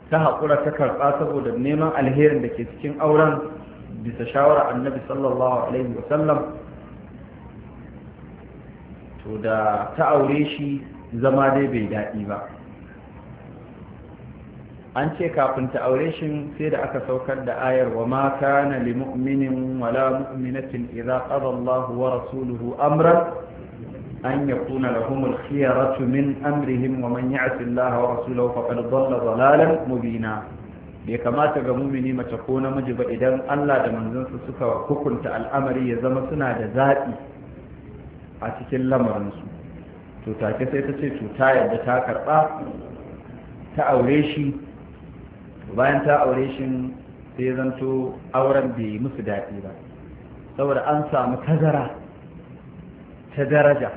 ta haƙura ta karɓa saboda neman alherin da ke cikin auren bisa shawara annabi sallallahu alaihi wa sallam to da ta aure shi zama dai bai daɗi ba an ce kafin ta aure shi sai da aka saukar da ayar wa ma kana li mu'minin wala mu'minatin idza qada Allahu wa rasuluhu amran an yakuna lahum al-khiyaratu min amrihim wa man ya'si Allah wa rasulahu faqad dhalla dhalalan mubina bai kamata ga mumini mace ko namiji ba idan Allah da manzonsa suka hukunta al'amari ya zama suna da zaɓi a cikin lamarinsu to take sai ta ce to ta ta karɓa ta aure shi bayan ta aure shi sai zanto auren bai musu daɗi ba saboda an samu tazara ta daraja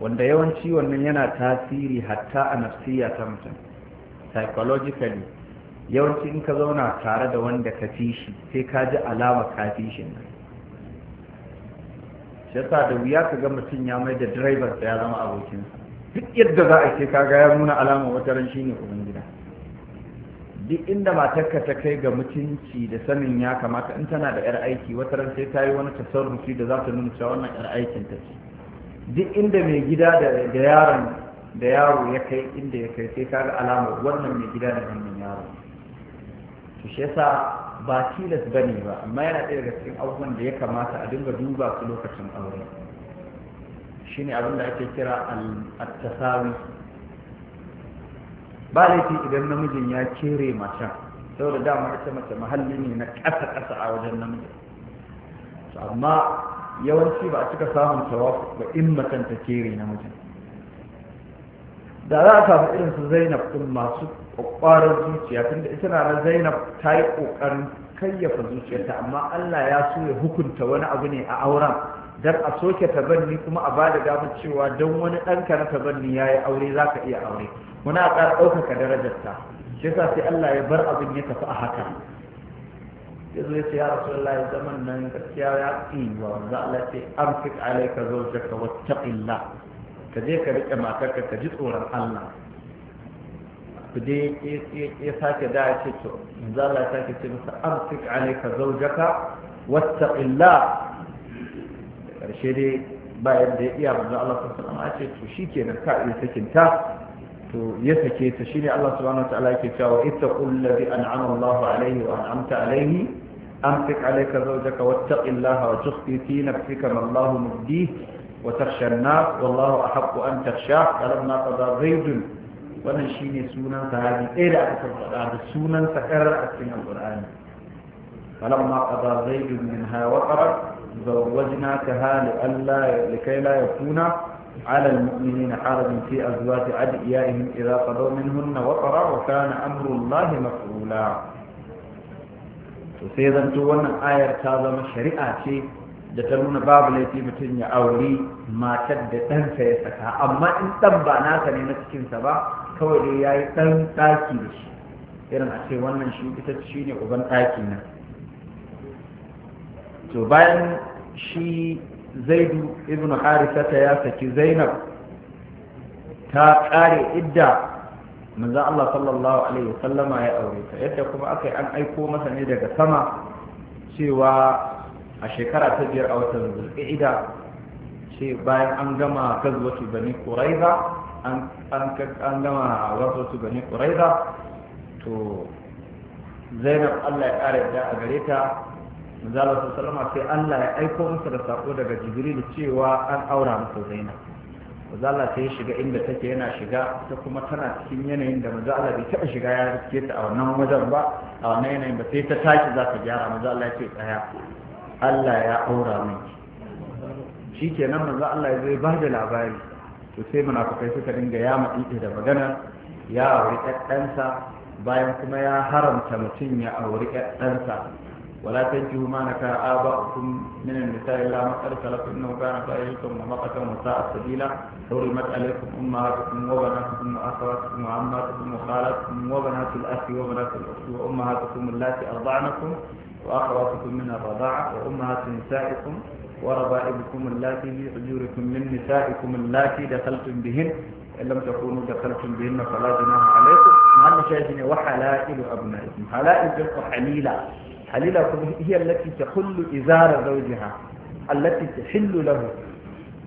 wanda yawanci wannan yana tasiri hatta a nafsiya ta mutum psychologically yawanci in ka zauna tare da wanda ka fi shi sai ka ji alama ka fi shi nan da wuya ka ga mutum ya mai da da ya zama abokinsa duk yadda za a ce kaga ya nuna alama wata ran shine ubangida gida duk inda matarka ta kai ga mutunci da sanin ya kamata in tana da yar aiki wata ran sai ta yi wani tasarrufi da za ta nuna cewa wannan yar aikin ta ce duk inda mai gida da yaron da yaro ya kai inda ya kai sai kaga alama wannan mai gida da wannan yaro to shi yasa ba tilas bane ba amma yana ɗaya daga cikin abubuwan da ya kamata a dinga duba su lokacin aure shine abin da ake kira al-tasawi ba laifi idan namijin ya kere macen saboda dama ita mace mahalli ne na ƙasa ƙasa a wajen namiji amma yawanci ba a cika samun tawafu ba in macen ta kere namijin da za a samu irin su zainab ɗin masu ƙwaƙwarar zuciya tunda ita na na zainab ta yi ƙoƙarin kayyafa zuciyarta amma allah ya so ya hukunta wani abu ne a auren dar a soke tabanni kuma a ba da damar cewa don wani ɗanka na tabanni ya yi aure za ka iya aure muna ƙara ɗaukaka darajarta shi yasa sai Allah ya bar abin ya tafi a haka ya zo ya ce ya rasulullah ya zaman nan gaskiya ya yi wa wanda Allah ce amsik alaika zawjaka wattaqillah ka je ka rike matarka ka ji tsoron Allah ku dai ya sake da ya ce to manzo Allah ya sake ce masa amsik alaika zawjaka wattaqillah karshe dai ba yadda ya iya manzo Allah sallallahu alaihi wasallam ce to kenan ka iya sakinta to ya sake ta shine Allah subhanahu wataala yake cewa ittaqul ladhi an'ama allahu alaihi wa an'amta alaihi amsik alayka zawjaka wattaqillaha wa tukhfi fi nafsika ma Allah mubdih wa takhsha an-nas wallahu ahaqqu an takhshah qalamna qada zaidun wannan sunan sahabi ɗaya da aka faɗa da sunan sa a cikin alqur'ani qalamna qada zaidun minha zarwajina ka hali Allah da kai la ya kuna ala almu'minin harajin fi azwaji ad iyaihim idza qadaw minhum wa qara wa kana amrullah maf'ula to sai zan to wannan ayar ta zama shari'a ce da ta nuna babu laifi mutum ya auri matar da ɗansa ya saka amma in ɗan ba naka ne na cikinsa ba kawai da ya yi ɗan ɗaki da irin a ce wannan shi ita shi ne uban ɗaki nan to bayan shi zaidu ibn harisata ya saki zainab ta kare idda manzan Allah sallallahu alaihi wasallama ya aure ta yadda kuma aka yi an aiko masa ne daga sama cewa a shekara ta biyar a watan zulqa'ida ce bayan an gama gazwatu bani quraiza an an gama gazwatu bani quraiza to zainab Allah ya kare da a gare ta manzala su salama sai Allah ya aiko masa da sako daga jibril cewa an aura masa zaina. manzala ta shiga inda take yana shiga ta kuma tana cikin yanayin da manzala bai taɓa shiga ya rike ta a wannan wajen ba a wannan yanayin ba sai ta tashi za ta gyara manzala ya ce tsaya Allah ya aura min. shi kenan manzo Allah ya zai ba da labari to sai munafukai suka dinga ya maɗiɗe da magana ya auri ɗansa bayan kuma ya haramta mutum ya auri ɗansa ولا تنكحوا ما نكر آباؤكم من النساء إلا ما قد لكم إنه كان فاحشة ومقتا وساء سبيلا حرمت عليكم أمهاتكم وبناتكم وأخواتكم وعماتكم وخالاتكم وبنات الأخ وبنات الأخت وأمهاتكم اللاتي أرضعنكم وأخواتكم من الرضاعة وأمهات نسائكم وربائبكم اللاتي في حجوركم من نسائكم اللاتي دخلتم بهن إن لم تكونوا دخلتم بهن فلا جناح عليكم مع المشاهدين وحلائل أبنائكم حلائل تلقى حليلة halila kuma hiyar lati ta hullu izara zaujiha allati ta hillu lahu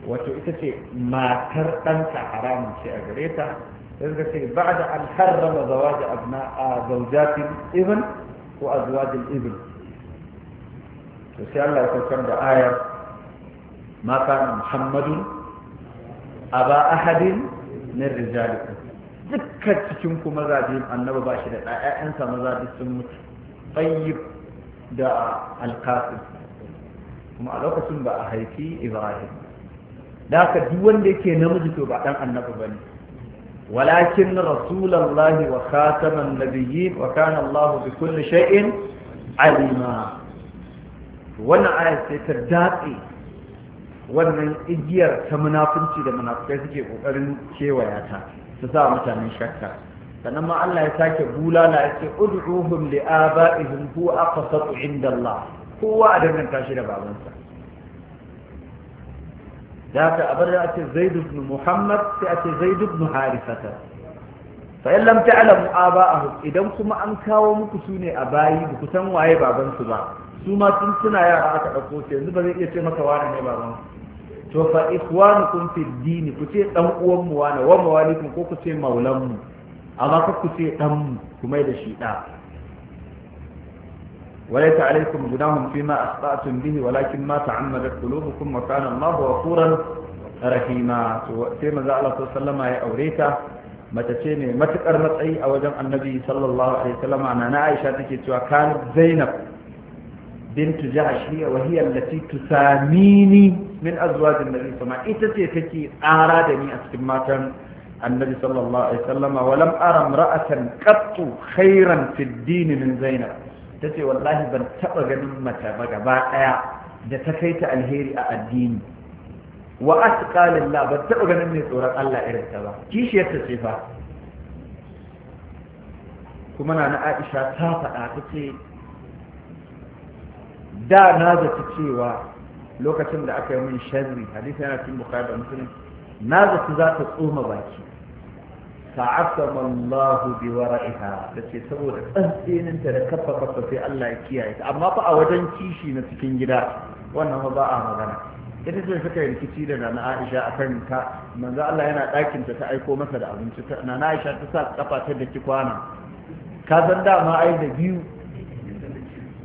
wato ita ce matar ɗanta haramun ce a gareta? ta ce ba da an harrama zawaji abna a zaujatin ibn ko a zuwajin ibn to sai Allah ya saukar da ahadin min cikin ku annabi ba shi da ɗaya maza sun mutu da alkafin kuma a lokacin ba a haifi ibrahim da haka duk wanda yake namiji to ba dan annabi bane walakin rasulullahi wa khataman nabiyyin wa kana allah bi kulli shay'in alima wannan aya sai ta datse wannan igiyar ta munafunci da munafukai suke kokarin kewaya ta su sa mutanen shakka sannan ma Allah ya sake bulala ya ce ud'uhum li aba'ihim huwa aqsatu inda Allah kowa a danganta shi da babansa da haka abin da ake zaid ibn muhammad sai ake zaid ibn harifata fa in lam ta'lamu aba'ahum idan kuma an kawo muku sune a bayi ba ku san waye babansu ba su ma tun suna yara aka dauko su yanzu ba zai iya ce maka wani ne babansu to fa ikhwanukum fi dini ku ce dan uwan mu wani wa mawalikum ko ku ce maulan mu a za ku dan ku mai da shi da wale alaikum guda mun fi ma bihi walakin ma ta'ammadat qulubukum wa kana Allahu ghafuran rahima to sai manzo Allah sallallahu ya aureta mata ce ne matukar matsayi a wajen annabi sallallahu alaihi wasallam ana na Aisha take cewa kan Zainab بنت جعش هي وهي min تساميني من أزواج النبي صلى الله عليه وسلم إذا تتكي أعرادني أسكماتا النبي صلى الله عليه وسلم ولم أرى امرأة قط خيرا في الدين من زينب تتي والله بن تبغى مما تبغى بائع جتكيت الهيري الدين وأتقى لله بن تبغى مني تورا الله إرد تبا كيش يتصفى كما أنا عائشة تافع تتي دا نازة تتي و لو كتم من يومين شذري حديثنا في المقابل مثلا نازة تزاك تقوم باكي ta'azzama Allah bi wara'iha da ce saboda dan tsinin ta da kafa kafa Allah ya kiyaye ta amma fa a wajen kishi na cikin gida wannan ba a magana ita ce suka yi rikici da Nana Aisha a kan ta Allah yana ɗakin ta ta aiko masa da abinci Nana Aisha ta sa kafa ta da kwana ka san da ma ai da biyu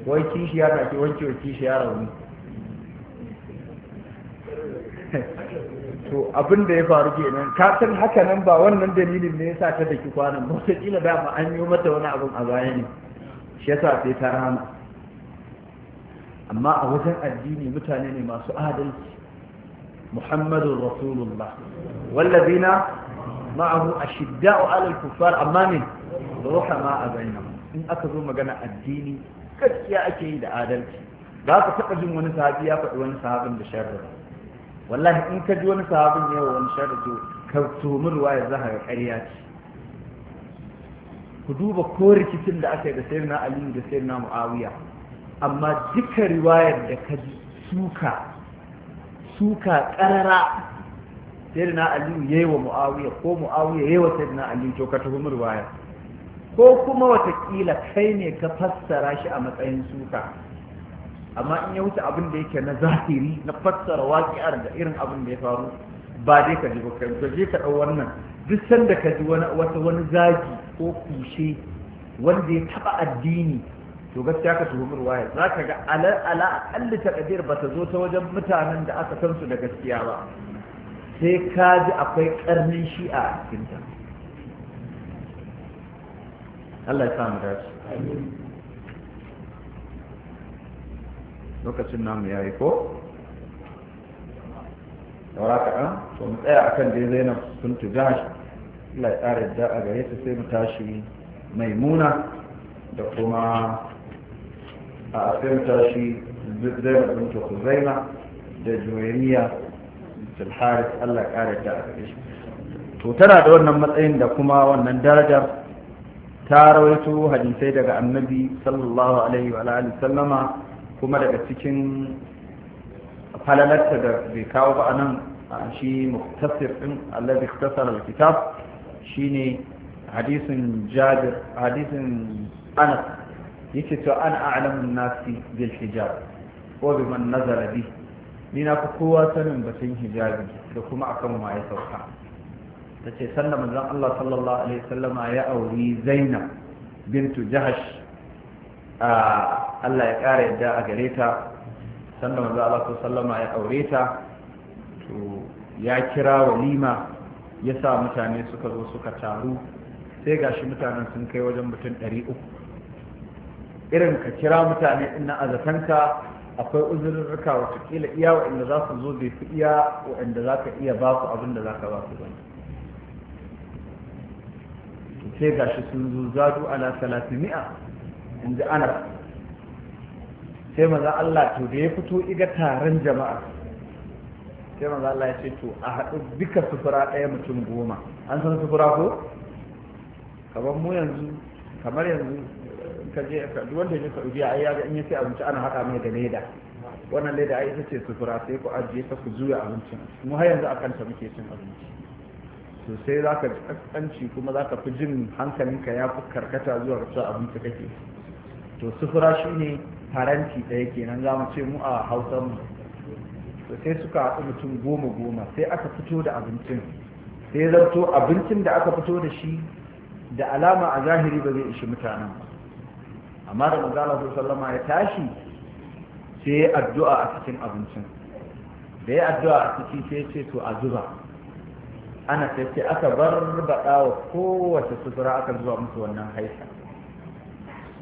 wai kishi ya ta ki wanke kishi ya rauni to abin da ya faru kenan ka san haka nan ba wannan dalilin ne yasa ta daki kwanan ba sai kila da an yi mata wani abin a baya ne shi yasa sai ta rama amma a wajen addini mutane ne masu adalci muhammadun rasulullah wallazina ma'ahu ashidda'u 'alal kuffar amma ne ruhama a bainahum in aka zo magana addini gaskiya ake yi da adalci ba ka taɓa jin wani sahabi ya faɗi wani sahabin da sharri wallahi in ka ji wani sahabin yawa wani sharri to ka tumi ruwaya za ga ƙarya ce ku duba ko rikicin da aka yi da na aliyu da na muawiya amma duka riwayar da ka ji suka suka ƙarara sayyidina aliyu yi wa muawiya ko muawiya yi wa na aliyu to ka tumi ruwaya ko kuma watakila kai ne ka fassara shi a matsayin suka amma in ya wuce abin da yake na zahiri na fassara waƙiyar da irin abin da ya faru ba dai ka ji ba ka je ka ɗau wannan duk sanda ka ji wani wata wani zagi ko kushe wanda ya taɓa addini to gaskiya ka tuhumi ruwaya za ka ga ala ala akalli takadir ba ta zo ta wajen mutanen da aka san su da gaskiya ba sai ka ji akwai karnin shi'a a cikinta Allah ya samu dace lokacin namu ya yi ko? saura kaɗan to mu tsaya akan dai zainab sun tuga shi Allah ya ƙara yadda a gare ta sai mu tashi maimuna da kuma a sai mu tashi zainab sun bin tukuzaina da juwainiya sulharis Allah ya ƙara yadda a gare shi to tana da wannan matsayin da kuma wannan darajar ta rawaito hadisai daga annabi sallallahu alaihi wa alihi sallama kuma daga cikin falalarta da bai kawo ba a nan shi muktasir ɗin allazi ikhtasar al-kitab shine hadisin jabir hadisin anas yake to an a'lamun nasi bil hijab ko bi man nazara bi ni na fi kowa sanin batun hijabi da kuma akan waye sauka ta ce sannan manzon Allah sallallahu alaihi wasallama ya auri Zainab bintu Jahash Allah ya ƙara yadda a gare ta sanda wanzu Allah sallama ya aure ta to ya kira walima ya sa mutane suka zo suka taru sai gashi mutanen sun kai wajen mutum ɗari uku irin ka kira mutane ina a zatanka akwai uzurrurruka watakila iya waɗanda za su zo bai fi iya waanda za ka iya ba su abin da za ka ba su ba sai gashi sun zo zadu ala salatimi'a in ji anar sai maza Allah to da ya fito iga taron jama'a sai maza Allah ya ce to a haɗu duka sufura ɗaya mutum goma an san sufura ko kamar mu yanzu kamar yanzu ka je ka wanda ya ka ubiya ai yaga in ya abinci ana haɗa mai da leda wannan leda ai ita ce sufura sai ku ajiye ta ku juya abincin mu har yanzu akan ta muke cin abinci to sai za ka ji kuma za ka fi jin hankalinka ya fi karkata zuwa ga abinci kake to sufura shi ne faranti ɗaya kenan za mu ce mu a hausar mu to sai suka haɗu mutum goma goma sai aka fito da abincin sai zarto abincin da aka fito da shi da alama a zahiri ba zai ishi mutanen amma da su sallama ya tashi sai ya addu'a a cikin abincin da ya addu'a a ciki sai ce to a zuba ana sai sai aka bar baɗa wa kowace sufura aka zuba musu wannan haifa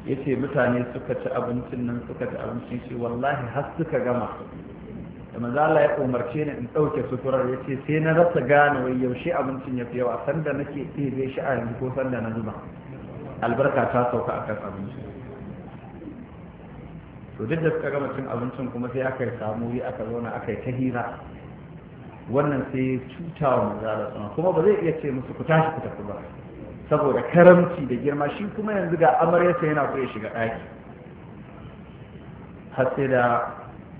ya ce mutane suka ci abincin nan suka ci abincin shi wallahi har suka gama da mazala ya umarce ni in ɗauke suturar ya sai na rasa gane wai yaushe abincin ya fi yawa sanda nake ɗebe shi a yanzu ko sanda na zuba albarka ta sauka a kan abincin to duk da suka gama cin abincin kuma sai aka yi samu yi aka zauna aka yi ta hira wannan sai ya cuta wa kuma ba zai iya ce musu ku tashi ku tafi ba saboda karamci da girma shi kuma yanzu ga amaryarsa yana so ya shiga ɗaki har sai da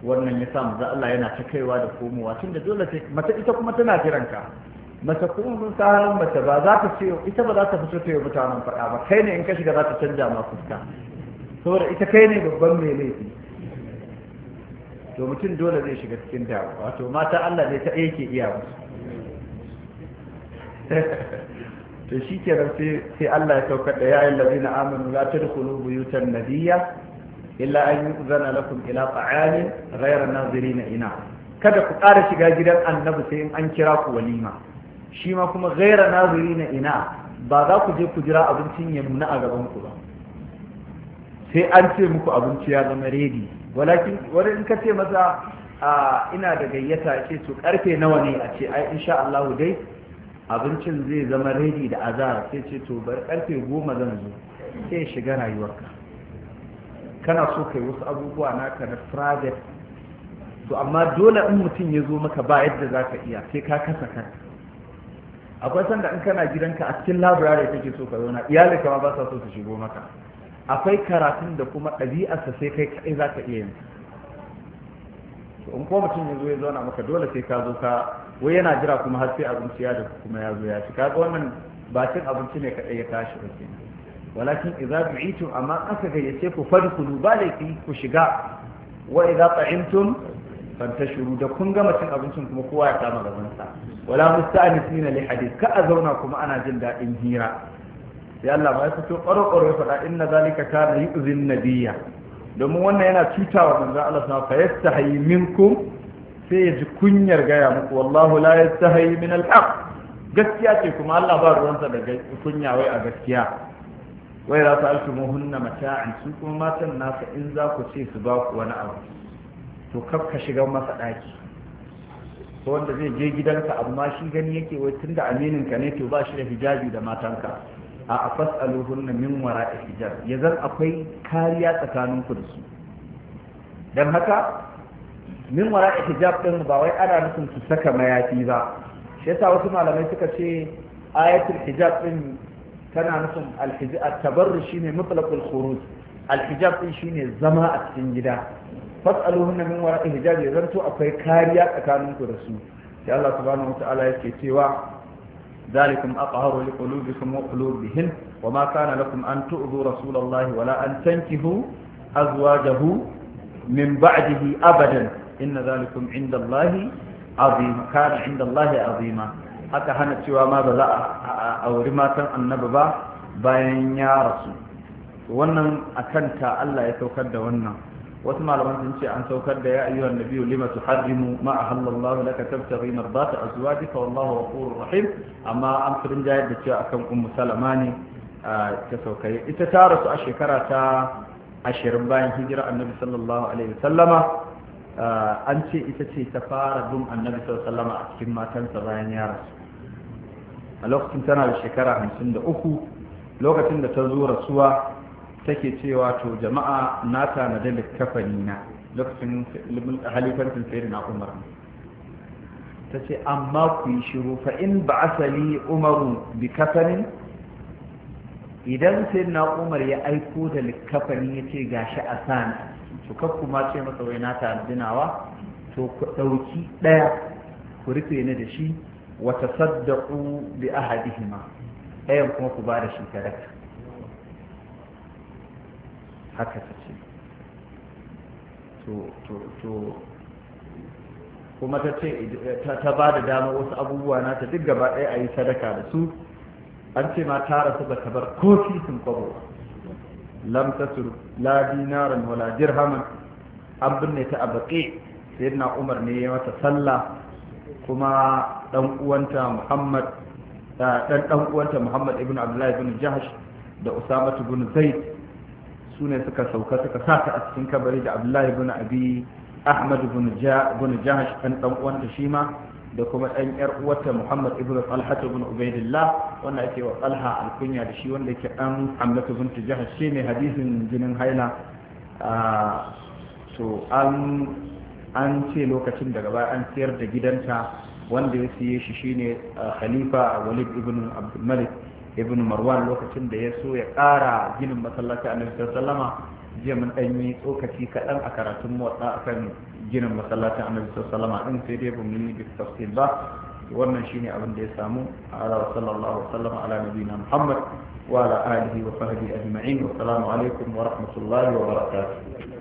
wannan ya sa manzo Allah yana ta kaiwa da komowa Tun da dole sai mace ita kuma tana jiran ka mace kuma mun sa halin mace ba za ta ce ita ba za ta fito ta yi mutanen faɗa ba kai ne in ka shiga za ta canja ma fuska saboda ita kai ne babban mai laifi to mutum dole zai shiga cikin damuwa to mata Allah ne ta yake iya musu to shi kenan sai Allah ya saukar da yayin lazina amanu la dukulu buyutan nabiyya illa an yuzana lakum ila ta'amin ghayra na ina kada ku ƙara shiga gidan annabi sai in an kira ku walima shi ma kuma ghayra na ina ba za ku je ku jira abincin ya nuna a gaban ku ba sai an ce muku abinci ya zama redi walakin wani in ka ce masa ah, ina da gayyata ce to karfe nawa ne a ce ai insha Allah dai abincin zai zama redi da azar sai ce to bar karfe goma zan zo sai shiga rayuwarka kana so kai wasu abubuwa naka na private to amma dole in mutum ya zo maka ba yadda za ka iya sai ka kasa kan akwai sanda in kana gidanka a cikin labirare kake so ka zauna iyali kama ba sa so su shigo maka akwai karatun da kuma ɗabi'arsa sai kai kaɗai za ka iya yin in ko mutum ya zo ya zauna maka dole sai ka zo ka wai yana jira kuma har sai abinci ya da kuma ya zo ya ci kaga wannan ba cin abinci ne kaɗai ya tashi ba kenan walakin idza du'itum amma aka gayyace ku fadkhulu ba laifi ku shiga wa idza ta'imtum fantashuru da kun gama cin abincin kuma kowa ya kama gaban sa wala musta'anisin li hadith ka a zauna kuma ana jin dadin hira sai Allah ba ya fito ƙwaro ƙwaro ya faɗa inna zalika kana yu'zin nabiyya domin wannan yana cutawa manzo Allah sa fa yastahi minkum sai ya ji kunyar gaya muku wallahu la yastahi min al gaskiya ce kuma Allah ba ruwansa da kunya wai a gaskiya wai za su mu muhunna mata'an su kuma matan nasa in za ku ce su ba ku wani abu to kaf ka shiga masa daki? ko wanda zai je gidanka amma shi gani yake wai tunda aminin ka ne to ba shi da hijabi da matanka a fasaluhunna min wara'i hijab yanzu akwai kariya tsakaninku da su dan haka min wara hijab din ba wai ana nufin su saka mayafi ba shi yasa wasu malamai suka ce ayatul hijab din tana nufin al-hijab tabarru shine mutlaqul khuruj al din shine zama a cikin gida fas'aluhunna min wara hijab yanzu akwai kariya tsakaninku da su sai Allah subhanahu wataala yake cewa ذلكم أطهر لقلوبكم وقلوبهن وما كان لكم أن تؤذوا رسول الله ولا أن تنكهوا أزواجه من بعده أبدا inna zalikum inda Allahi azima kana inda Allahi azima haka hana cewa ma ba za a auri matan annabi ba bayan ya rasu wannan akanta Allah ya saukar da wannan wasu malaman sun ce an saukar da ya ayyuhan nabiyyu lima tuharrimu ma ahallallahu laka tabtaghi mardata azwajika wallahu ghafurur rahim amma an furin jayar da cewa akan ummu salama ne ta saukai ita ta rasu a shekara ta ashirin bayan hijira annabi sallallahu alaihi wasallama an ce ita ce ta fara bin annabi sallallahu a cikin matansa bayan ya rasu a lokacin tana da shekara hamsin lokacin da ta zo rasuwa take cewa to jama'a na da kafani na lokacin halifantin sai na umar ta ce amma ku yi shiru fa in ba asali umaru bi kafanin idan sai na umar ya aiko da likafani ya ce gashi a sani to ku ma ce masa wai na tanadinawa to ku ɗauki ɗaya ku rufe ni da shi wa tasaddaqu bi ahadihima ɗayan kuma ku ba da shi sadaka haka ta ce to to to kuma ta ce ta ba da dama wasu abubuwa na ta duk gaba ɗaya a yi sadaka da su an ce ma tara su da kabar bar kofi sun kwabo lam tasur la dinaran wala dirhaman an binne ta a baƙi na umar ne ya mata sallah kuma dan uwanta muhammad dan dan uwanta muhammad ibn abdullahi ibn jahsh da usama ibn zaid su ne suka sauka suka saka a cikin kabari da abdullahi ibn abi ahmad ibn jahsh dan dan uwanta shi ma da kuma ɗan ƴar uwarta Muhammad ibn Talha ibn Ubaydillah wanda ake wa Talha alkunya da shi wanda ke ɗan Hamlatu Tijah shi shine hadisin jinin haila ah, to an an ce lokacin da baya an sayar da gidanta wanda ya siye shi shine ah, Khalifa Walid ibn Abdul Malik ibn Marwan lokacin da ya so ya ƙara ginin masallaci Annabi sallallahu alaihi wasallama jiya mun ɗan yi tsokaci kaɗan a karatun motsa akan ginin masallacin annabi sallallahu alaihi wasallam din sai dai bamu yi tafsir ba wannan shine abin da ya samu ala sallallahu alaihi ala nabiyina muhammad wa ala alihi wa sahbihi ajma'in wa assalamu alaikum wa rahmatullahi wa barakatuh